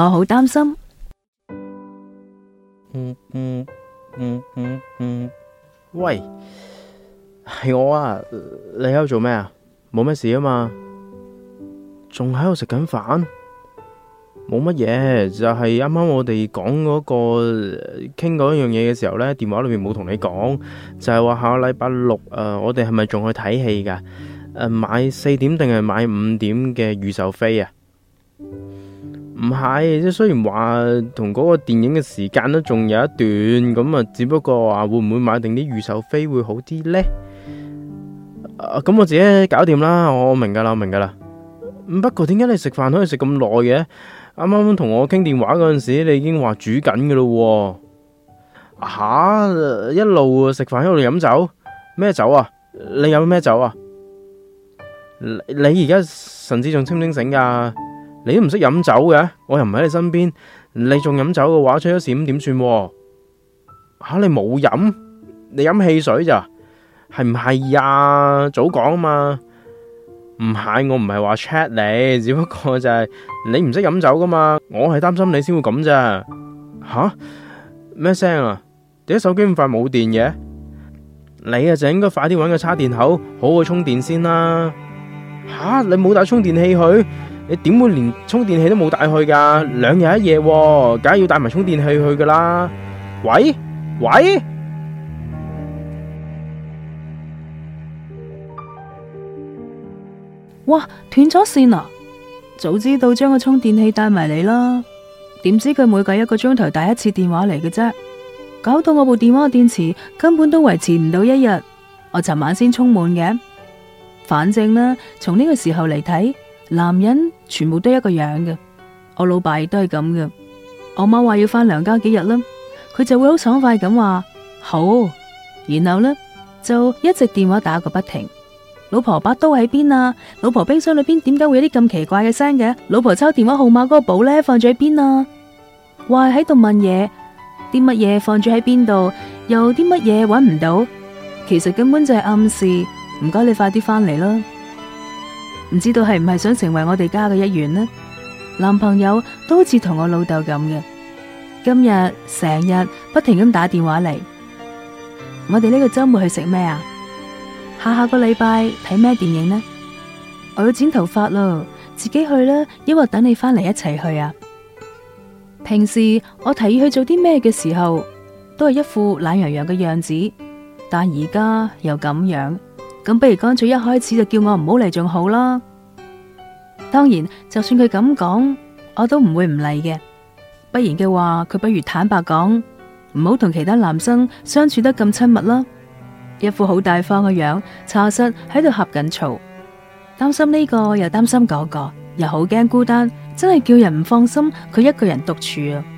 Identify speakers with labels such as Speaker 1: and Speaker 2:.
Speaker 1: 我好擔心。嗯
Speaker 2: 嗯嗯嗯嗯，喂，係我啊！你喺度做咩啊？冇咩事啊嘛？仲喺度食緊飯？冇乜嘢，就係啱啱我哋講嗰個傾嗰樣嘢嘅時候呢，電話裏面冇同你講，就係話下個禮拜六誒，我哋係咪仲去睇戲噶？誒，買四點定係買五點嘅預售飛啊？唔係，即係雖然話同嗰個電影嘅時間都仲有一段，咁啊，只不過話會唔會買定啲預售飛會好啲呢？咁我自己搞掂啦，我明噶啦，我明噶啦。不過點解你食飯可以食咁耐嘅？啱啱同我傾電話嗰陣時，你已經話煮緊噶咯？吓，一路食飯一路飲酒，咩酒啊？你飲咩酒啊？你而家神志仲清醒醒噶？你都唔識飲酒嘅，我又唔喺你身邊，你仲飲酒嘅話出咗事咁點算？吓，你冇飲，你飲汽水咋？係唔係呀？早講啊嘛，唔係我唔係話 check 你，只不過就係你唔識飲酒噶嘛，我係擔心你先會咁咋？吓，咩聲啊？點解手機咁快冇電嘅？你呀就應該快啲搵個插電口好好充電先啦。吓，你冇帶充電器去？你點會連充電器都冇帶去噶？兩日一夜，哦，梗係要帶埋充電器去噶啦！喂喂，
Speaker 1: 哇斷咗線啦，啊！早知道將個充電器帶埋嚟啦。點知佢每隔一個鐘頭打一次電話嚟嘅啫，搞到我部電話電池根本都維持唔到一日。我尋晚先充滿嘅，反正呢，從呢個時候嚟睇。男人全部都一個樣嘅，我老爸亦都係咁嘅。我媽話要翻娘家幾日啦，佢就會好爽快咁話好，然後呢，就一直電話打個不停。老婆把刀喺邊啊？老婆冰箱裏邊點解會有啲咁奇怪嘅聲嘅？老婆抽電話號碼嗰個簿呢，放咗喺邊啊？話喺度問嘢，啲乜嘢放咗喺邊度？又啲乜嘢揾唔到？其實根本就係暗示，唔該你快啲翻嚟啦。唔知道係唔係想成為我哋家嘅一員呢？男朋友都好似同我老豆咁嘅，今日成日不停咁打電話嚟。我哋呢個周末去食咩啊？下下個禮拜睇咩電影呢？我要剪頭髮咯，自己去啦，抑或等你翻嚟一齊去啊？平時我提議去做啲咩嘅時候，都係一副懶洋洋嘅樣子，但而家又咁樣。咁不如乾脆一開始就叫我唔好嚟，仲好啦。當然，就算佢咁講，我都唔會唔嚟嘅。不然嘅話，佢不如坦白講，唔好同其他男生相處得咁親密啦。一副好大方嘅樣，查實喺度呷緊醋。擔心呢個又擔心嗰個，又好驚孤單，真係叫人唔放心佢一個人獨處啊。